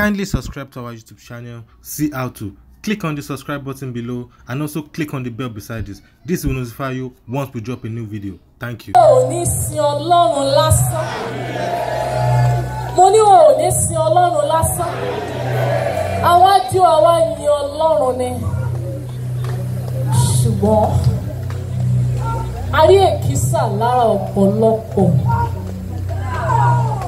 Kindly subscribe to our YouTube channel, see how to. Click on the subscribe button below and also click on the bell beside this. This will notify you once we drop a new video. Thank you. Mo ní sin Ọlọ́run lásán. Mo ní wọn ò ní sin Ọlọ́run lásán. Àwa ju àwa yin Ọlọ́run ni. a rí èkísà lára ọ̀pọ̀lọpọ̀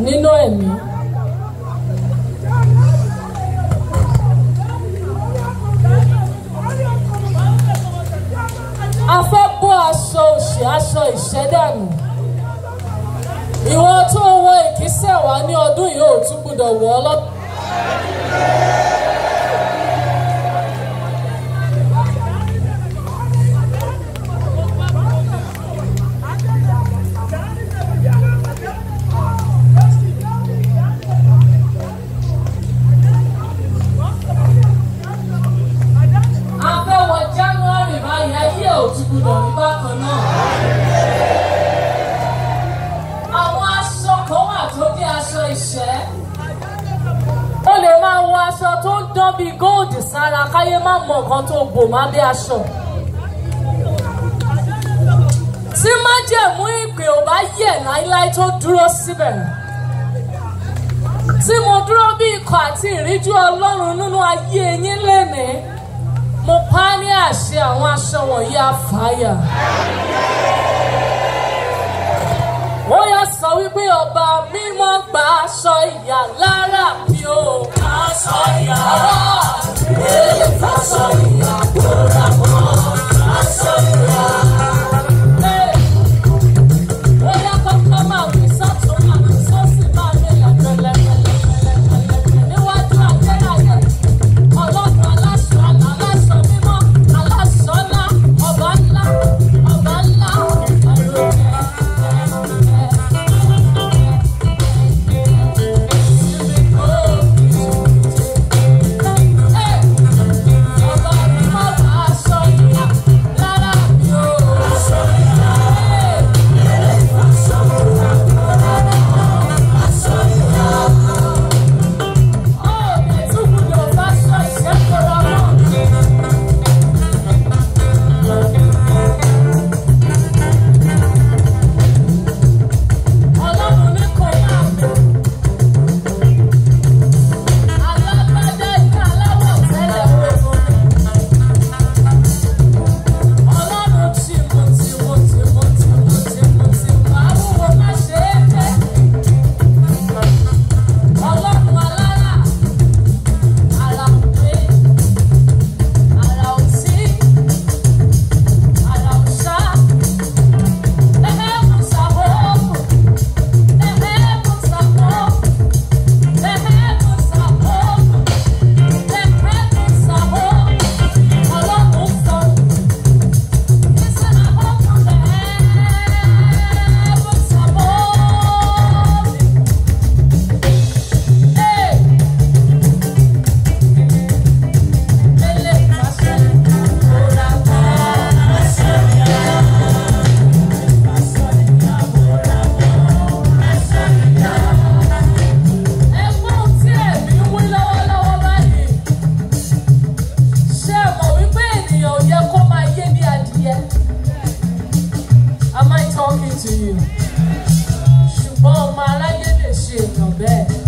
nínú ẹ̀ṣẹ̀ dànù ìwọ tó wọ ìkísẹ̀ wá ní ọdún yìí ò tún gbọdọ̀ wọ̀ ọ́ wọ́n bí góòdì sára káyé má mọ nǹkan tó bò má bí aṣọ. tí májẹ̀mú ìpè ò bá yẹ̀ láíláí tó dúró síbẹ̀. tí mo dúró bí ikọ̀ àti ìríjú ọlọ́run nínú ayé yín lénìí mo pa á ní àṣẹ àwọn aṣọ wọ̀nyí àfàyà. ó yá sọ wípé ọba mímọ́ gba aṣọ ìyà lára mi o sọ̀yà èyí fẹ́ sọ̀yà kúrò. yẹ am I talking to you ṣùgbọ́n ọmọ aráyé lè ṣe èèyàn bẹ́ẹ̀.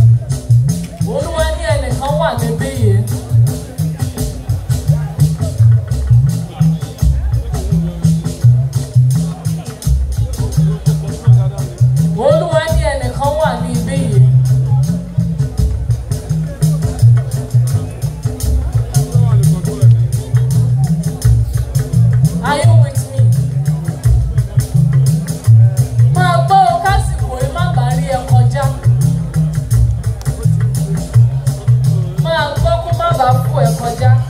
我要回家。